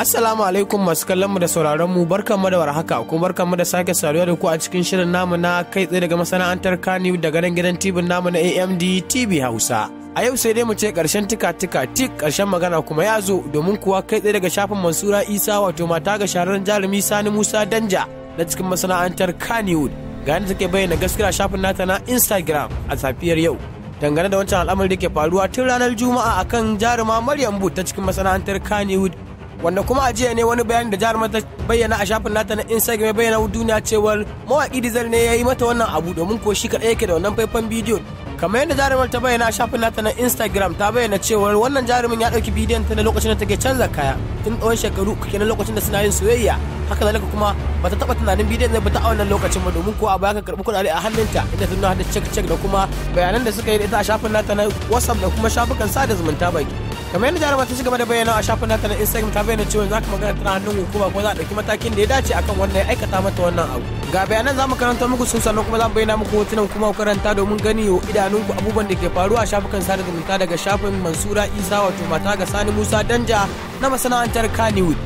Assalamu alaikum masu kallon mu da sauraron mu barkanmu da warhaka kuma mu da sake saduwa da ku a cikin shirin namu na kai tsaye daga masana'antar Kani daga nan gidan TV namu na AMD TV Hausa. A yau sai dai mu ce karshen tika tika tik karshen magana kuma ya zo domin kuwa kai tsaye daga shafin Mansura Isa wato mata ga shahararren jarumi Sani Musa Danja na cikin masana'antar Kannywood ga yadda take bayyana gaskiya shafin nata na Instagram a safiyar yau. Dangane da wancan al'amari da ke faruwa tun ranar Juma'a akan jaruma Maryam Bud ta cikin masana'antar Kannywood wanda kuma a jiya ne wani bayani da jihar mata bayyana a shafin nata na instagram ya bayyana duniya cewar mawaƙi dizel ne ya yi mata wannan abu domin ko shi kaɗai yake da wannan faifan bidiyo kamar yadda jarumar ta bayyana a shafin nata na instagram ta bayyana cewar wannan jarumin ya ɗauki bidiyon ta na lokacin da take canza kaya tun tsawon shekaru na lokacin da suna yin soyayya haka zalika kuma bata taɓa tunanin bidiyon zai fita a wannan lokacin ba domin ko a baya ka karɓi kuɗaɗe a hannunta inda ta nuna da cek cek da kuma bayanan da suka yi da ita a shafin nata na whatsapp da kuma shafukan sada zumunta baki kamar yadda jarumar ta gaba da bayyana a shafin nata na instagram ta bayyana cewa za ka magana tana hannun hukuma kuma za a ɗauki matakin da ya dace akan wanda ya aikata mata wannan abu ga bayanan za mu karanta muku sun sannan kuma za mu bayyana muku hotunan kuma ku karanta domin gani idanun ku abubuwan da ke faruwa a shafukan sada zumunta daga shafin mansura isa wato mata ga sani musa danja na masana'antar kannywood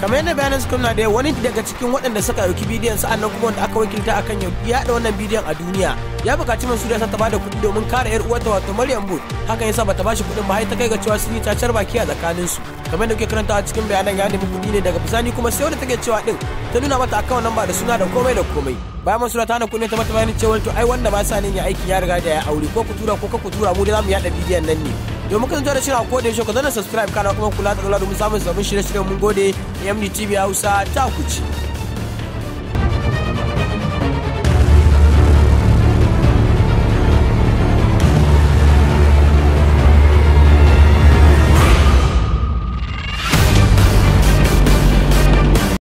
kamar yadda bayanan suka nuna da wani daga cikin waɗanda suka ɗauki bidiyon sa'annan kuma wanda aka wakilta akan ya yaɗa wannan bidiyon a duniya ya buƙaci Mansuriya ta bada kuɗi domin kare yar uwarta wato Maryam bud hakan yasa bata bashi kuɗin ba har ta kai ga cewa sun yi tacar baki a tsakanin su kamar da kuke karanta a cikin bayanan ya nemi kuɗi ne daga bisani kuma sai wanda take cewa din ta nuna mata akan wannan ba da suna da komai da komai bayan Mansura ta hana kuɗi ta mata bayanin cewa to ai wanda ba sa nin ya aiki ya riga da ya aure ko ku tura ko ka ku tura mu da zamu yaɗa bidiyon nan ne domin kan da shirin ko da yaushe zana subscribe kana kuma kula da kula domin samun sabbin shirye-shiryen mun gode mdtv Hausa ta kuci.